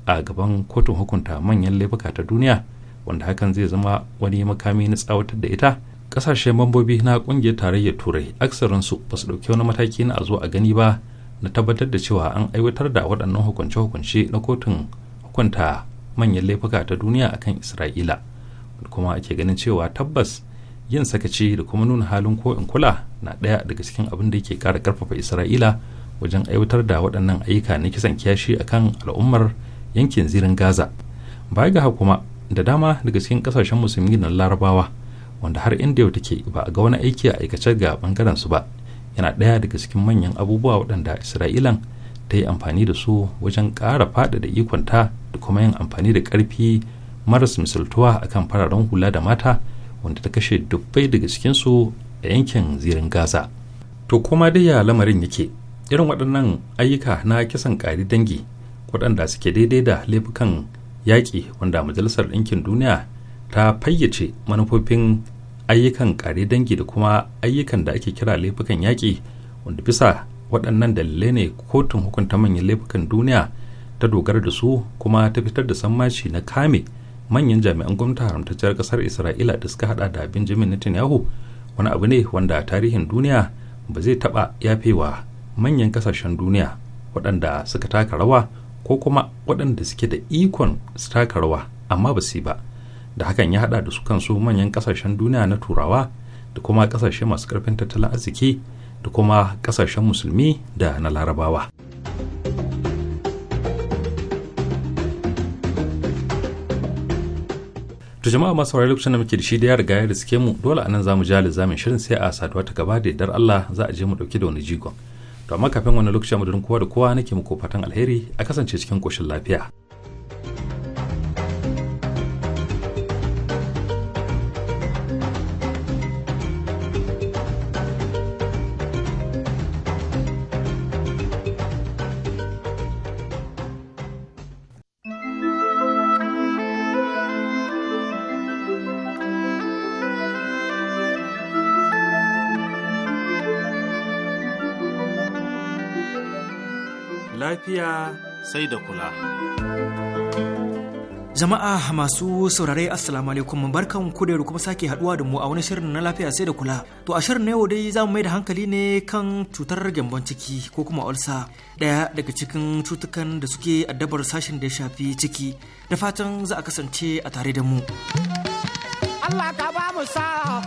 a gaban kotun hukunta manyan laifuka ta duniya wanda hakan zai zama wani makami na tsawatar da ita kasashen mambobi na kungiyar tarayyar turai aksarinsu ba su ɗauki wani mataki na a zo a gani ba na tabbatar da cewa an aiwatar da waɗannan hukunce-hukunce na kotun hukunta manyan laifuka ta duniya akan isra'ila kuma ake ganin cewa tabbas yin sakaci da kuma nuna halin ko in kula na ɗaya daga cikin abin da yake ƙara ƙarfafa isra'ila wajen aiwatar da waɗannan ayyuka na kisan kiyashi akan al'ummar yankin zirin gaza baya ga kuma da dama daga cikin kasashen musulmi na larabawa wanda har inda yau take ba a ga wani aiki a aikace ga bangaren su ba yana ɗaya daga cikin manyan abubuwa waɗanda isra'ilan ta yi amfani da su wajen ƙara da ikonta da kuma yin amfani da ƙarfi maras misaltuwa akan fararen hula da mata wanda ta kashe dubbai daga cikin su a yankin zirin gaza to kuma dai ya lamarin yake irin waɗannan ayyuka na kisan ƙari dangi waɗanda suke daidai da laifukan yaƙi wanda majalisar ɗinkin duniya ta fayyace manufofin ayyukan ƙare dangi da kuma ayyukan da ake kira laifukan yaƙi wanda bisa waɗannan dalilai ne kotun hukunta manyan laifukan duniya ta dogara da su kuma ta fitar da sammaci na kame manyan jami'an gwamnati haramtacciyar ƙasar isra'ila da suka haɗa da benjamin netanyahu wani abu ne wanda tarihin duniya ba zai taɓa yafewa manyan ƙasashen duniya waɗanda suka taka rawa ko kuma waɗanda suke da ikon su taka rawa amma ba su ba da hakan ya haɗa da su kansu manyan ƙasashen duniya na turawa da kuma ƙasashe masu ƙarfin tattalin arziki da kuma ƙasashen musulmi da na larabawa. To jama'a masu saurari lokacin da muke da shi da ya riga ya riske mu dole anan zamu ja lizamin shirin sai a saduwa ta gaba da dar Allah za a je mu dauki da wani jigon. to amma kafin wani lokaci mu kowa da kowa nake muku fatan alheri a kasance cikin koshin lafiya lafiya sai da kula. Jama'a masu saurare Assalamu alaikum barkan ku da kuma sake haduwa da mu a wani shirin na lafiya sai da kula. To a shirin na yau dai za mu mai da hankali ne kan cutar gyambon ciki ko kuma ulsa daya daga cikin cutukan da suke addabar sashen da ya shafi ciki da fatan za a kasance a tare da mu. Allah ka ba mu sa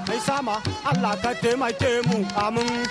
mai sama Allah ka taimake mu amin.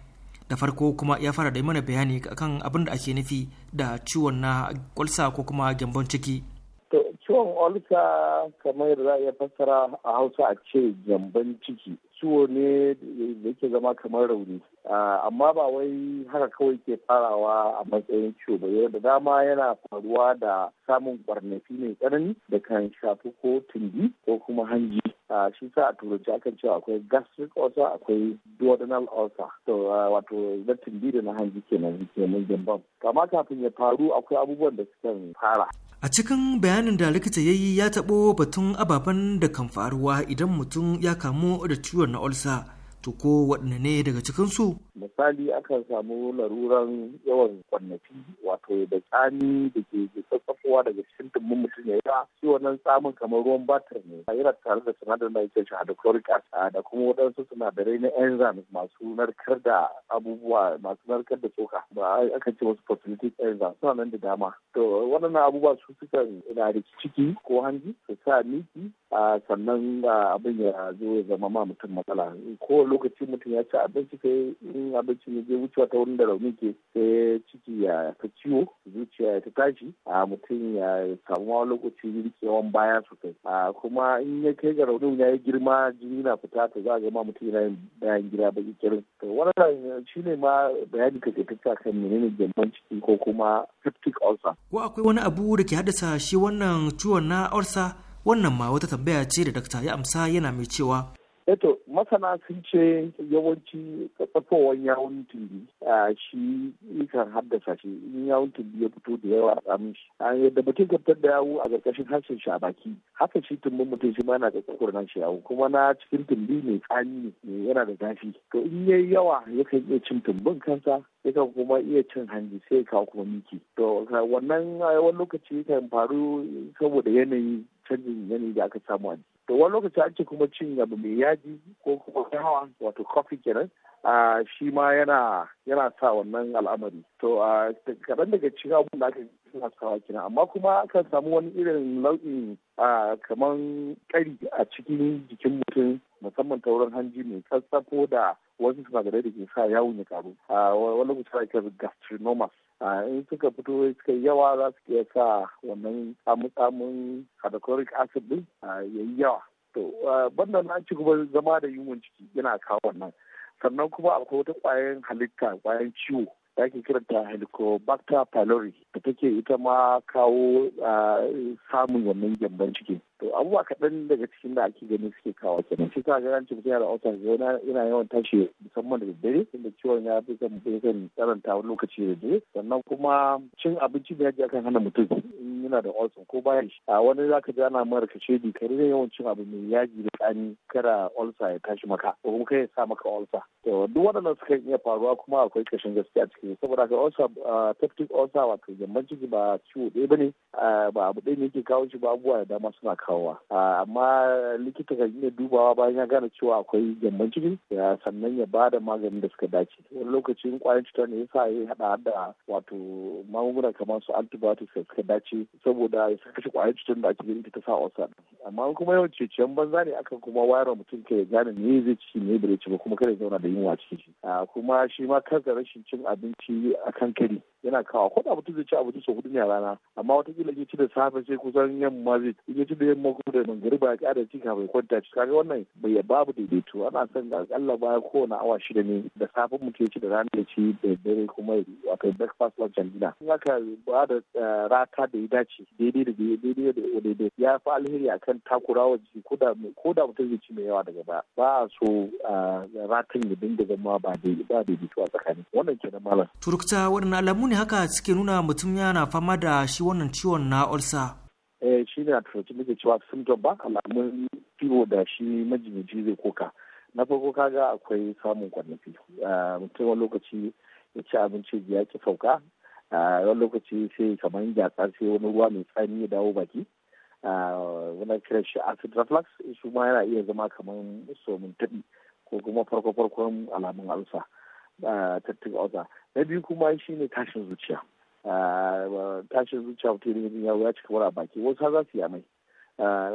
da farko kuma ya fara da mana bayani kan abin da ake nufi da ciwon na kwalsa ko kuma gyambon ciki ciwon olka kamar yadda za a iya fassara a hausa a ce jamban ciki ciwo ne da yake zama kamar rauni amma ba wai haka kawai ke farawa a matsayin ciwo ba da dama yana faruwa da samun kwarnafi mai tsanani da kan shafi ko tumbi ko kuma hanji shi sa a turanci akan cewa akwai gastric ulcer akwai duodenal ulcer to wato na tumbi da na hanji kenan kenan jamban kama kafin ya faru akwai abubuwan da sukan fara A cikin bayanin da likita ya yi ya taɓo batun ababen da kan faruwa idan mutum ya kamu da ciwon na olsa. to ko waɗanne ne daga cikinsu? misali akan samu laruran yawan kwannafi wato da tsami da ke tsatsafowa daga cikin tumbin mutum ya ba shi wannan tsamin kamar ruwan batir ne a yi tare da sinadarin da ake shi hydrochloric acid da kuma waɗansu sinadarai na enzymes masu narkar da abubuwa masu narkar da tsoka ba akan ce wasu phosphatic enzymes suna nan da dama to waɗannan abubuwa su sukan na da ciki ko hanji su sa miki sannan abin ya zo ya zama ma mutum matsala ko lokacin mutum ya ci abinci sai in abinci ya je wucewa ta wurin da rauni ke sai ciki ya ta ciwo zuciya ya ta tashi a mutum ya samu ma lokaci rikewan baya sosai a kuma in ya kai ga raunin ya yi girma jini na fita ta za a zama mutum yana yin bayan gida baki kirin wannan shi ne ma bayani ka ke tafiya kan menene gyamban ciki ko kuma septic ulcer ko akwai wani abu da ke haddasa shi wannan ciwon na ulcer wannan ma wata tambaya ce da dakta ya amsa yana mai cewa eto eh masana sun ce yawanci tsafowar yawon tumbi a shi kan haddasa shi in yawon tumbi ya fito da yawa a tsamin shi a yadda mutum kaftar da yawo a ƙarƙashin harshen shi a baki haka shi tumbin mutum shi ma yana da nan shi yawo kuma na cikin tumbi mai tsani ne yana da zafi to in yayi yawa ya kan iya cin tumbin kansa ya kan kuma iya cin hanji sai ya kawo kuma miki to wannan wani lokaci kan faru saboda yanayi canjin yanayi da aka samu a to wani lokaci an ce kuma cin abu mai yaji ko kuma yawa wato coffee kenan a shi ma yana sa wannan al'amari to a kaɗan daga cikin abun da aka suna sawa kenan amma kuma akan samu wani irin nau'in kamar ƙari a cikin jikin mutum musamman ta wurin hanji mai tsatsafo da wasu sinadarai da ke sa yawon ya karu a wani lokaci ake gastrinomas a in suka fito suka yawa za su iya sa wannan tsamutsamun hydrochloric acid din ya yi yawa to banda na ci gaba zama da yiwuwan ciki yana kawo wannan sannan kuma akwai wata kwayan halitta kwayan ciwo da ake kiranta helicobacter pylori da take ita ma kawo samun wannan gyamban ciki to abubuwa kaɗan daga cikin da ake gani suke kawo kenan shi ta garan cikin yana autar yana yana yawan tashi musamman da daddare inda ciwon ya fi kan kan karanta wani lokaci da daddare sannan kuma cin abinci da yaji akan hana mutum in yana da ulcer ko baya shi a wani zaka ji ana mara kashe di ka da yawan cin abu mai yaji da tsani kara ulcer ya tashi maka ko kuma kai ya sa maka ulcer to duk waɗannan sukan iya faruwa kuma akwai kashin gaskiya to saboda ka osa peptic osa wato gyamban ciki ba ciwo ɗaya ne ba abu ɗaya ne yake kawo shi ba abubuwa da dama suna kawowa amma likita kan iya dubawa bayan ya gane cewa akwai gyamban ciki sannan ya ba da maganin da suka dace wani lokacin kwayan cutar ne ya sa ya haɗa da wato magunguna kamar su antibiotics da suka dace saboda ya kashe kwayan cutar da ake ganin ta sa osa. amma kuma yawan ceciyan banza ne akan kuma wayar mutum kai ya gane me zai ci me bai ci ba kuma kada ya zauna da yunwa cikin shi kuma shi ma kansa rashin cin abinci abinci a kan kari yana kawo ko da mutum zai ci abinci sau hudu ne a rana amma kila ya ci da safe sai kusan yamma zai ya ci da yamma ko da mangari ba ya ci k'a bai kwanta ci kaga wannan bai babu daidaito ana son akalla baya kowane awa shida ne da safe mutum ya ci da rana ya ci da dare kuma wato breakfast lunch and dinner in aka ba da eh, rata da ya dace daidai da daidai da daidai ya fi alheri akan takurawa jiki ko da mutum zai ci mai yawa daga ba ba a so eh, ratin ya dinga zama ba daidaito a tsakani wannan kenan malam malam turukta waɗanne alamu ne haka suke nuna mutum yana fama da shi wannan ciwon na ulsa eh shi ne a turuci muke cewa symptom ba alamun ciwo da shi majinyaci zai koka na farko kaga akwai samun kwanaki ah, mutum wani lokaci ya ci abinci ya ki sauka ah, wani lokaci sai kamar gyatsa sai wani ruwa mai tsani ya dawo baki wani ah, kiran shi acid reflux su ma yana iya zama kamar somin taɓi ko kuma farko-farkon alamun alsa tattun oza na biyu kuma shi ne tashin zuciya tashin zuciya mutum ne ya wuya cika wara baki wasu za su yi amai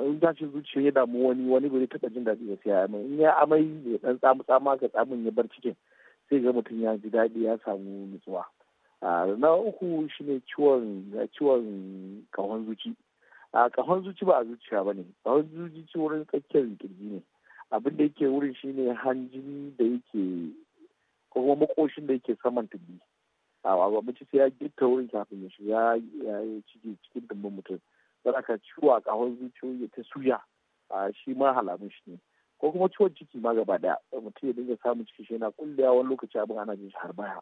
in tashin zuciya ya damu wani wani bai taɓa jin daɗi ya siya amai in ya amai ya dan tsamu tsama ka tsamin ya bar cikin sai ga mutum ya ji daɗi ya samu nutsuwa na uku ne ciwon ciwon kahon zuci a kahon zuci ba a zuciya ba ne kahon zuci wurin tsakiyar kirji ne abinda da yake wurin shine hanjin da yake ko kuma makoshin da yake saman tubi a mace sai ya gitta wurin kafin ya shiga ya yi ciki cikin tumbin mutum don ka ciwo a kahon zuciyoyi ta suya a shi ma halamun shi ne ko kuma ciwon ciki ma gaba daya mutum ya dinga samun ciki shi yana kullewa wani lokaci abin ana jin shi har baya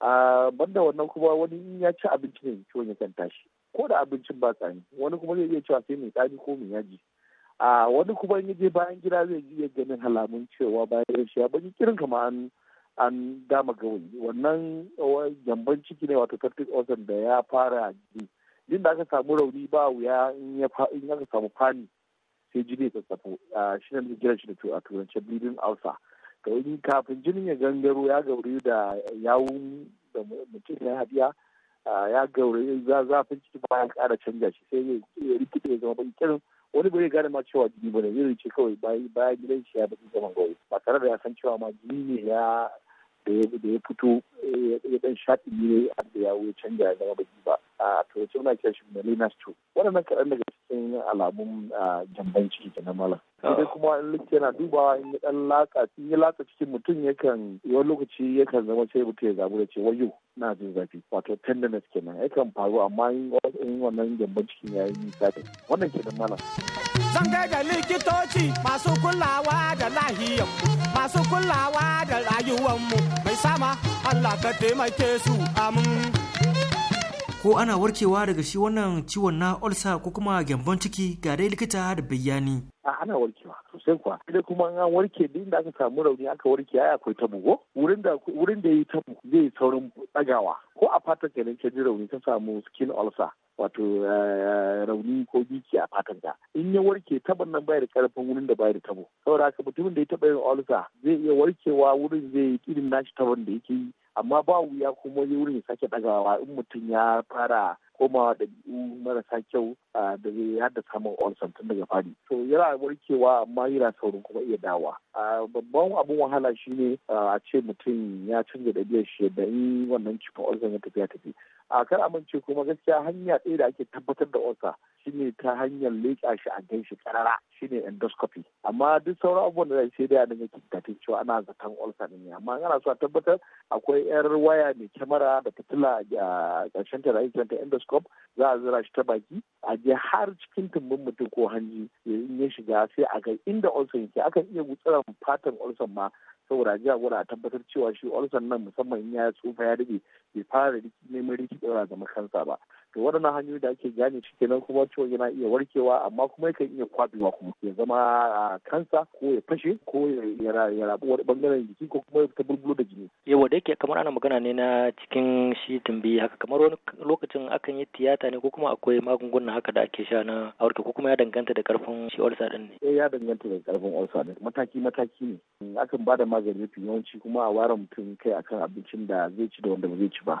a banda wannan kuma wani in ya ci abinci ne ciwon ya kan tashi ko da abincin ba tsani wani kuma zai iya cewa sai mai tsani ko mai yaji a wani kuma in je bayan gida zai iya ganin halamun cewa bayan shi ya bari kirin kama an an dama gawayi wannan gyamban ciki ne wato peptic ozan da ya fara jini jin da aka samu rauni ba wuya in aka samu fani sai jini ya tsatsafo shi ne da kiran shi da a turance bleeding ausa to in kafin jinin ya gangaro ya gauri da yawun da mutum ya haɗiya ya gauri zafin ciki ba ya ƙara canja shi sai ya rikide ya zama bakin wani bai gane ma cewa jini bane zai ce kawai bayan gidan shi ya baki zaman gauri ba tare da ya san cewa ma jini ne ya da ya fito eh, ya dan shaɗi ne da ya wuce canja ya zama baki ba a turance muna kira shi millennials waɗannan kaɗan daga cikin alamun jambanci da na mala ah. sai kuma in likita yana dubawa in ya dan laka in yi laka cikin mutum yakan wani lokaci yakan zama sai mutum ya zabu da ce wayo na jin zafi wato tenderness kenan yakan faru amma in wannan gyambon cikin ya yi nisa da wannan da mala. zan kai da likitoci masu kulawa da lahiyar masu kulawa da rayuwar mu mai sama Allah ka taimake su amin. ko ana warkewa daga shi wannan ciwon na olsa ko kuma gyambon ciki ga dai likita da bayani. a ana warkewa sosai kuwa ida kuma an warke duk da aka samu rauni aka warke ya akwai tabo ko wurin da wurin da yayi tabo zai saurin tsagawa ko a fatan kenan ka ji rauni ka samu skin olsa wato eh, rauni ko biki a fatan ka in ya warke taban nan bai da karfin wurin da bai da tabo saboda haka mutumin da ya taba yin olsa zai iya warkewa wurin zai yi irin nashi taban da yake yi amma ba wuya kuma wurin sake ɗagawa in mutum ya fara komawa da marasa kyau da zai haddasa min olson tun daga fari to yana warkewa amma yana saurin kuma iya dawa babban abin wahala shine a ce mutum ya canza ɗabi'ar shi da in wannan cikin olson ya tafi ya tafi a kan amince kuma gaskiya hanya ɗaya da ake tabbatar da olsa shine ta hanyar leƙa shi a gan shi karara shine endoscopy amma duk sauran abubuwan da sai dai a dinga kintatin cewa ana zaton olsa ne amma ana so a tabbatar akwai yar waya mai kyamara da fitila a ƙarshen ta da ake microscope za a zira shi ta baki a je har cikin tumbin mutum ko hanji in ya shiga sai a ga inda ulcer yake akan iya gutsuran fatan ulcer ma saboda jiya gwada a tabbatar cewa shi ulcer nan musamman in ya tsufa ya daɗe bai fara neman riki ga zama ba to waɗannan hanyoyi da ake gane shi kenan kuma ciwon yana iya warkewa amma kuma yakan iya kwabewa kuma ya zama a kansa ko ya fashe ko ya rabu wani bangaren jiki ko kuma ta bulbulo da jini. yawa da yake kamar ana magana ne na cikin shi tumbi haka kamar wani lokacin akan yi tiyata ne ko kuma akwai magunguna haka da ake sha na aurke ko kuma ya danganta da karfin shi olsa din ne. Eh, ya danganta da karfin olsa din mataki mataki ne akan ba da magani yawanci kuma a ware mutum kai akan abincin da zai ci da wanda ba zai ci ba.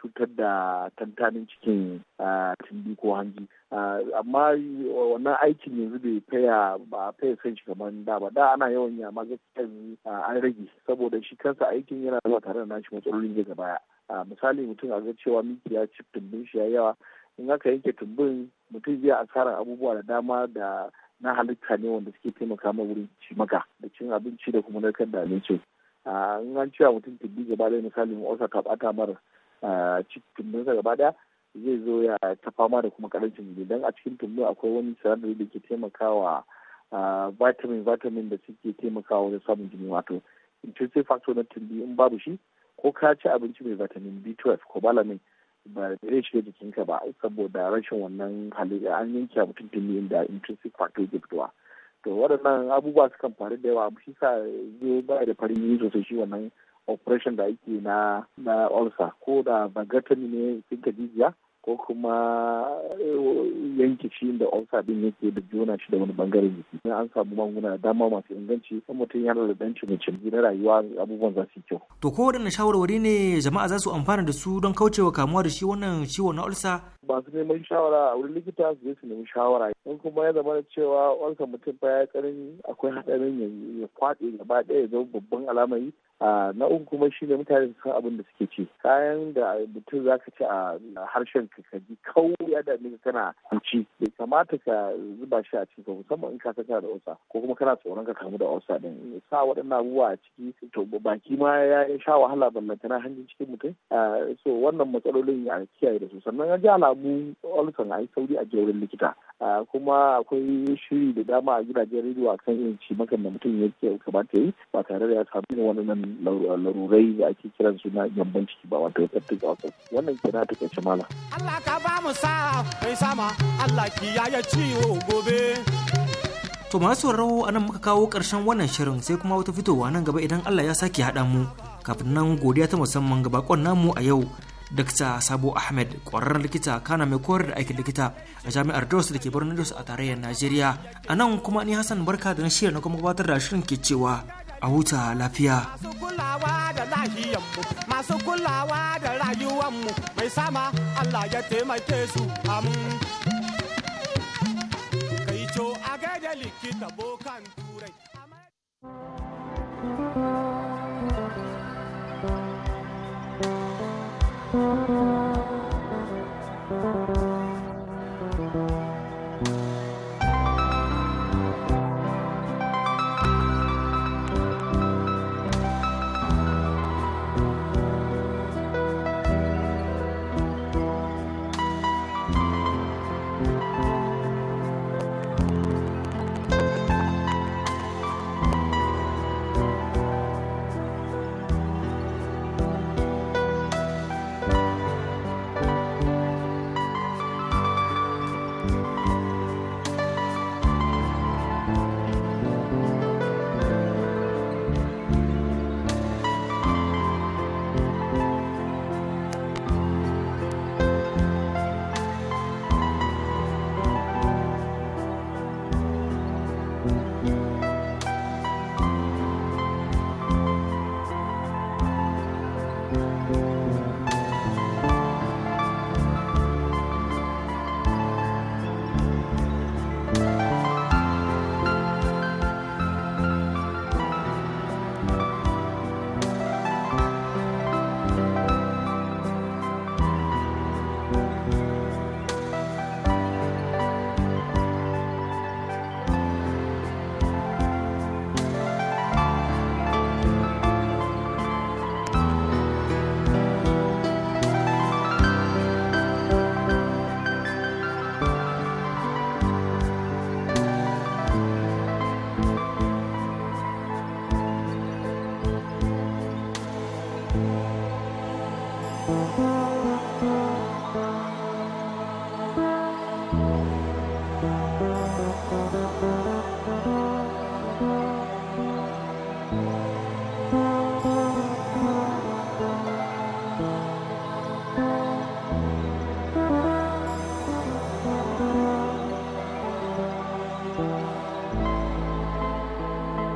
cutar da tantanin cikin tindi ko hanji amma wannan aikin yanzu bai faya ba faya san shi kamar da ba da ana yawan yi amma gaskiya an rage saboda shi kansa aikin yana zuwa tare da nashi matsalolin daga baya misali mutum a ga cewa miki ya ci tumbin shi ya yawa in aka yanke tumbin mutum zai asarar abubuwa da dama da na halitta ne wanda suke taimaka ma wurin ci maka da cin abinci da kuma narkar da abinci in an cewa mutum tumbi gaba da misali mu ta ɓata mara cikin tumbinsa gaba ɗaya zai zo ya ta fama da kuma karancin jini don a cikin tumbu akwai wani sinadari da ke taimakawa vitamin vitamin da suke taimakawa wajen samun jini wato intrinsic factor na tumbi in babu shi ko ka ci abinci mai vitamin B12 ko balamin ba zai shiga jikinka ba saboda rashin wannan halitta an yanke mutum tumbi inda intrinsic factor ke fitowa to waɗannan abubuwa sukan faru da yawa shi sa zai ba da farin sosai shi wannan operation da ake na na ulcer ko da bagatani ne tsinka jijiya ko kuma eh, yanki shi da ulcer din yake da juna shi da wani bangaren jiki in an samu magunguna da dama masu inganci kan mutum yana da dan cimici na rayuwa abubuwan za su yi kyau to ko waɗanne shawarwari ne jama'a za su amfana da su don kaucewa kamuwa da shi wannan ciwon na ulcer masu neman shawara a wurin likita su je su nemi shawara in kuma ya zama da cewa wanka mutum fa ya karin akwai haɗarin ya kwaɗe gaba ɗaya ya zama babban alamari na uku kuma shi ne mutane su san abin da suke ci kayan da mutum za ka ci a harshen ka ka ji kauri ya dame kana ci bai kamata ka zuba shi a cikin musamman in ka saka da osa ko kuma kana tsoron ka kamu da osa din sa waɗannan abubuwa a ciki to baki ma ya sha wahala ballantana hanjin cikin mutum so wannan matsalolin a kiyaye da su sannan ya ji samu olson a yi sauri a wurin likita kuma akwai shiri da dama a gidajen rediyo a kan ci makan da mutum yake kamata yi ba tare da ya samu wannan larurai da ake kiran su na gyamban ciki ba wato septic ga wannan kira ta kace mala Allah ka ba mu sa kai sama Allah ki ya ci gobe To masu rawo a nan muka kawo ƙarshen wannan shirin sai kuma wata fitowa nan gaba idan Allah ya sake haɗa mu. Kafin nan godiya ta musamman ga bakon namu a yau dokta Sabo Ahmed ƙwararren likita kana mai koyar da aikin likita a jami'ar Jos da ke birnin Jos a tarayyar Najeriya. A nan kuma ni Hassan Barka da na shirya na kuma gabatar da shirin ke cewa a huta lafiya. Masu kulawa da lahiyanmu, masu kulawa da rayuwanmu, mai sama Allah ya taimake su amu Kai to a gaida likita bokan turai. Thank you.